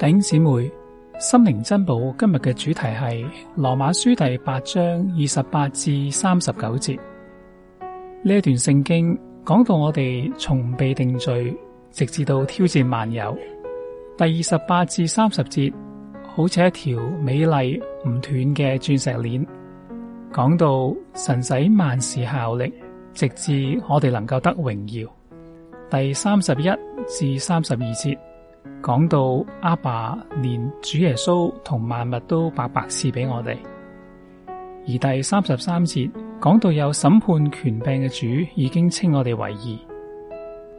弟兄姊妹，心靈珍寶，今日嘅主題係羅馬書第八章二十八至三十九節。呢段聖經講到我哋從被定罪，直至到挑戰萬有。第二十八至三十節，好似一條美麗唔斷嘅鑽石鏈，講到神使萬事效力，直至我哋能夠得榮耀。第三十一至三十二節。講到阿爸連主耶穌同萬物都白白賜俾我哋，而第三十三節講到有審判權柄嘅主已經稱我哋為義。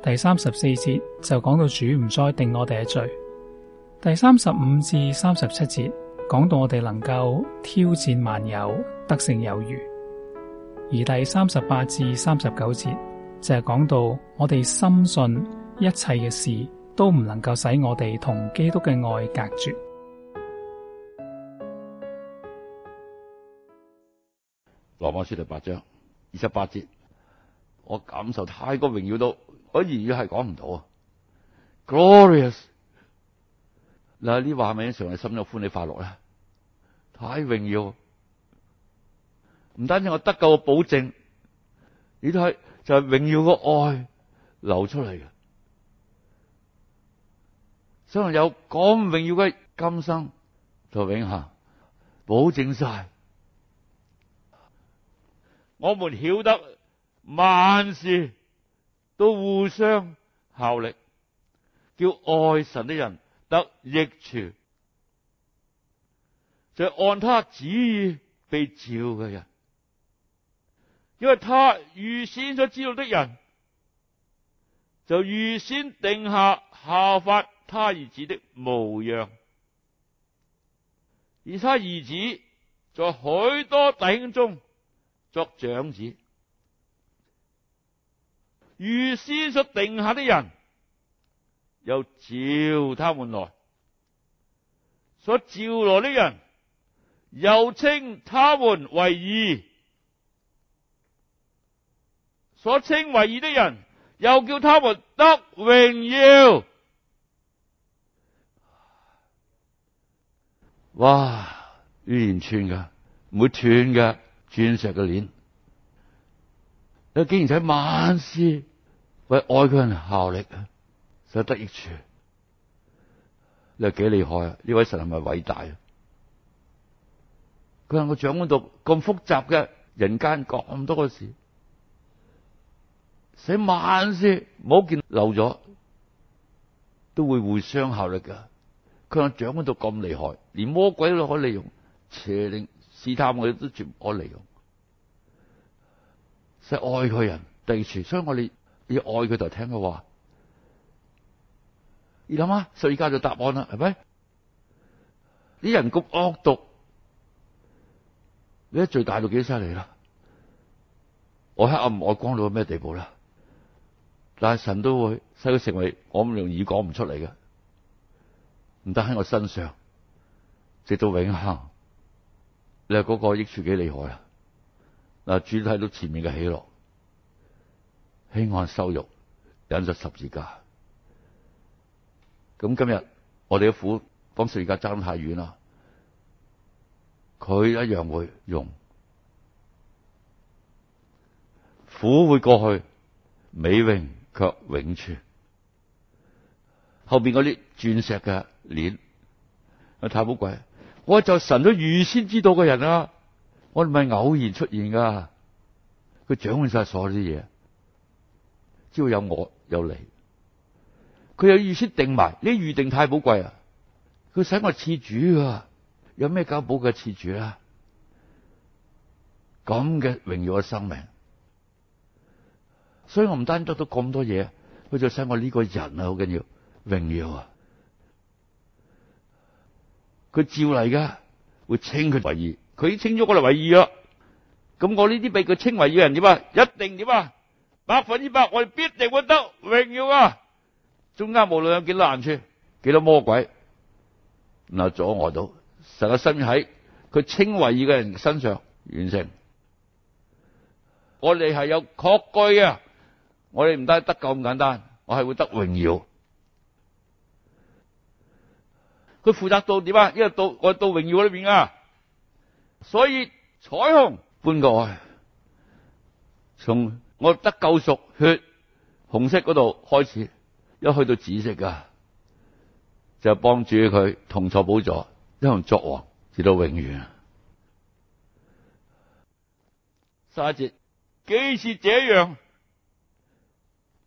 第三十四節就講到主唔再定我哋嘅罪。第三十五至三十七節講到我哋能夠挑戰萬有得勝有餘，而第三十八至三十九節就係講到我哋深信一切嘅事。都唔能夠使我哋同基督嘅愛隔絕。羅馬書第八章二十八節，我感受太過榮耀到，我言語係講唔到啊！glorious 嗱，呢話咪常係心中歡喜快樂咧，太榮耀，唔單止我得救嘅保證，你係就係榮耀個愛流出嚟嘅。只能有咁榮耀嘅今生，就永恒保證晒。我們曉得萬事都互相效力，叫愛神的人得益處，就按他旨意被召嘅人，因為他預先所知道的人，就預先定下效法。他兒子的模樣，而他兒子在許多弟兄中作長子，預先所定下的人又召他們來，所召來的人又稱他們為義，所稱為義的人又叫他們得榮耀。哇！一連串噶，唔會斷嘅鑽石嘅鏈。佢竟然使萬事為愛佢嘅人效力啊，使得益處。你話幾厲害啊？呢位神係咪偉大啊？佢喺個掌管度咁複雜嘅人間咁多個事，使萬事冇見漏咗，都會互相效力噶。佢話掌管到咁厲害，連魔鬼都可以利用，邪靈試探我都絕可以利用，使愛佢人。定住，所以我哋要愛佢就聽佢話。你諗下，世界就答案啦？係咪啲人咁惡毒？你一罪大到幾犀利啦？我黑暗愛光到咩地步啦？但係神都會使佢成為我咁容易講唔出嚟嘅。唔得喺我身上，直到永恆。你話嗰個益處幾厲害啊？嗱，主睇到前面嘅喜樂，輕看羞辱，忍咗十字架。咁今日我哋嘅苦幫十字架爭太遠啦，佢一樣會用，苦會過去，美榮卻永存。後邊嗰啲鑽石嘅。連啊，太寶貴，我就神都預先知道嘅人啊，我唔係偶然出現噶，佢掌握晒所有啲嘢，只要有我有你，佢有預先定埋呢，預定太寶貴啊，佢使我賜主啊，有咩搞寶嘅賜主啊？咁嘅榮耀嘅生命，所以我唔單得到咁多嘢，佢就使我呢個人啊好緊要榮耀啊！佢照嚟噶，會稱佢為義。佢已經稱咗我嚟為義啦，咁我呢啲被佢稱為義嘅人點啊？一定點啊？百分之百，我哋必定會得榮耀啊！中間無論有幾多難處，幾多魔鬼，嗱阻礙到，實際身喺佢稱為義嘅人身上完成。我哋係有確據嘅，我哋唔單得救咁簡單，我係會得榮耀。佢負責到點啊？因為到我到榮耀嗰邊啊，所以彩虹搬過嚟，從我得救贖血紅色嗰度開始，一去到紫色噶，就幫住佢同坐寶座，一同作王至到永遠。啊。卅一節，既是這樣，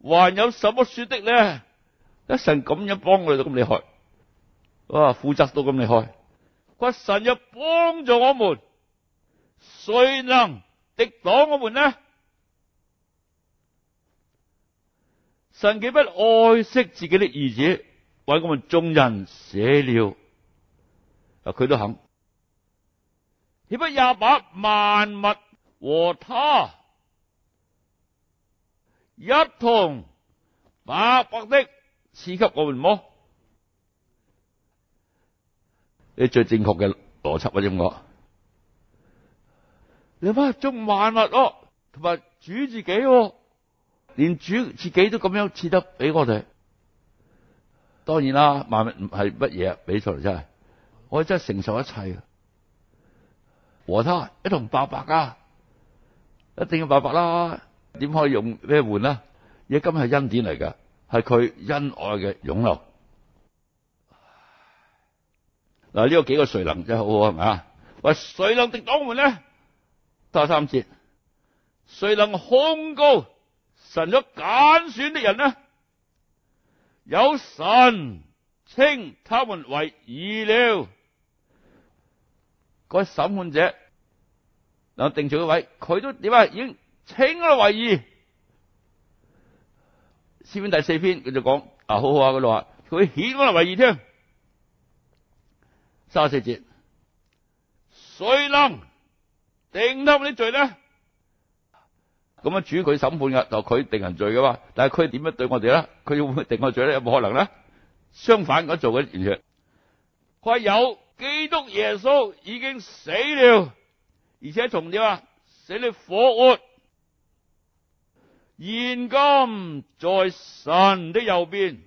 還有什麼說的呢？一神咁樣幫我哋，咁厲害。哇負責到咁厲害，骨神又幫助我們，誰能敵擋我們呢？神既不愛惜自己的兒子，為我們眾人捨了？啊，佢都肯，豈不也把萬物和他一同白白的賜給我們麼？你最正確嘅邏輯啊，中我你乜？中萬物咯、啊，同埋主自己、啊，連主自己都咁樣賜得俾我哋。當然啦、啊，萬物唔係乜嘢？俾錯嚟真係，我哋真係承受一切，和他一同白白啊！一定要白白啦，點可以用咩換啦？而家今日係恩典嚟噶，係佢恩愛嘅湧流。嗱，呢個幾個誰能真係好好係咪啊？話誰能敵擋我們咧？第三節，誰能控告神所揀選的人呢？有神稱他們為義了。嗰審判者嗱，定罪嗰位，佢都點啊？已經稱佢為義。詩篇第四篇佢就講啊，好好啊，佢話佢顯佢為義添。三四節，誰能定得我哋罪呢？咁樣主佢審判嘅，就佢定人罪嘅嘛。但係佢點樣對我哋咧？佢會定我罪咧？有冇可能咧？相反咁做嘅完全。佢有基督耶穌已經死了，而且從死裡復活，現今在神的右邊，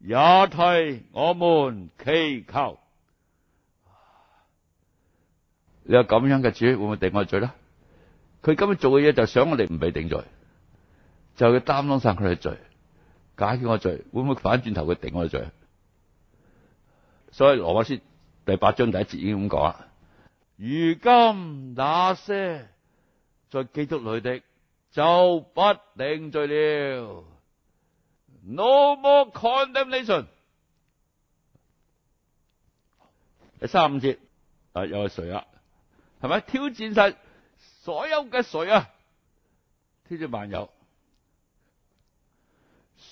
也替我們祈求。你有咁樣嘅主，會唔會定我罪啦？佢今日做嘅嘢就想我哋唔俾定罪，就要擔當晒佢嘅罪，解決我罪，會唔會反轉頭佢定我罪？所以羅馬書第八章第一節已經咁講啦。如今那些在基督裡的，就不定罪了。No more condemnation。第三五節，啊，又係誰啊？係咪挑戰晒所有嘅誰啊？挑戰萬有，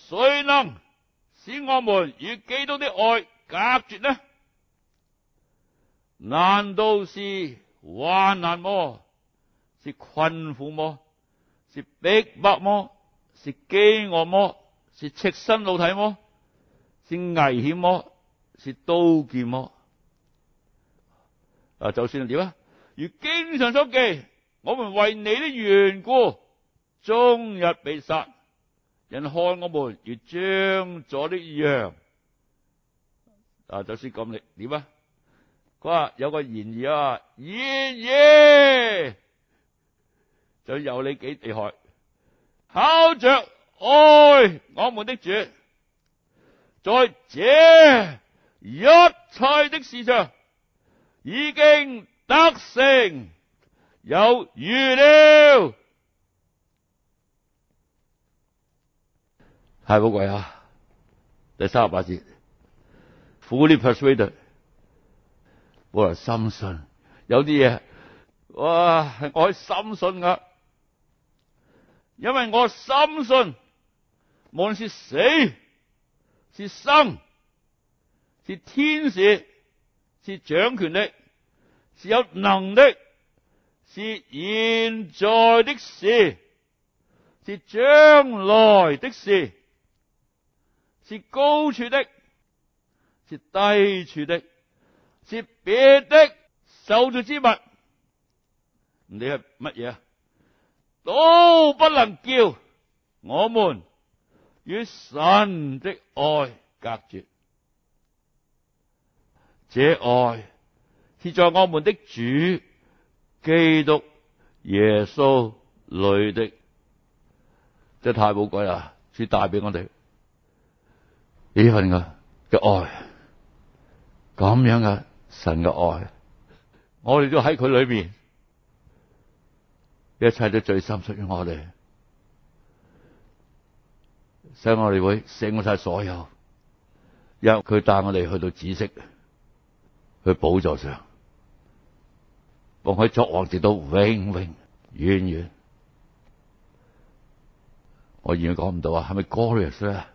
誰能使我們與基督的愛隔絕呢？難道是患難麼？是困苦麼？是逼迫麼？是飢餓麼？是赤身露體麼？是危險麼？是刀劍麼？啊，就算點啊？如經上所記，我們為你的緣故，終日被殺，人看我們如將宰的羊。啊，就算咁你點啊？佢話有個然而啊，然而就有你幾厲害，靠着愛我們的主，在這一切的事上已經。得勝有餘了，係好貴啊！第三十八節，fully persuaded，我係深信有啲嘢，哇！係我係深信噶，因為我深信，無論係死、是生、是天使、是掌權的。是有能的，是現在的事，是將來的事，是高處的，是低處的，是別的受造之物，你係乜嘢啊？都不能叫我們與神的愛隔絕，這愛。是在我們的主基督耶穌裏的，真係太寶貴啦！主帶俾我哋呢份嘅嘅愛，咁樣嘅神嘅愛，我哋都喺佢裏面，一切都最深出於我哋，使我哋會勝過晒所有，因為佢帶我哋去到紫色，去寶座上。望佢作王直到永永遠遠，我永遠講唔到是是啊！係咪 glorious 啊？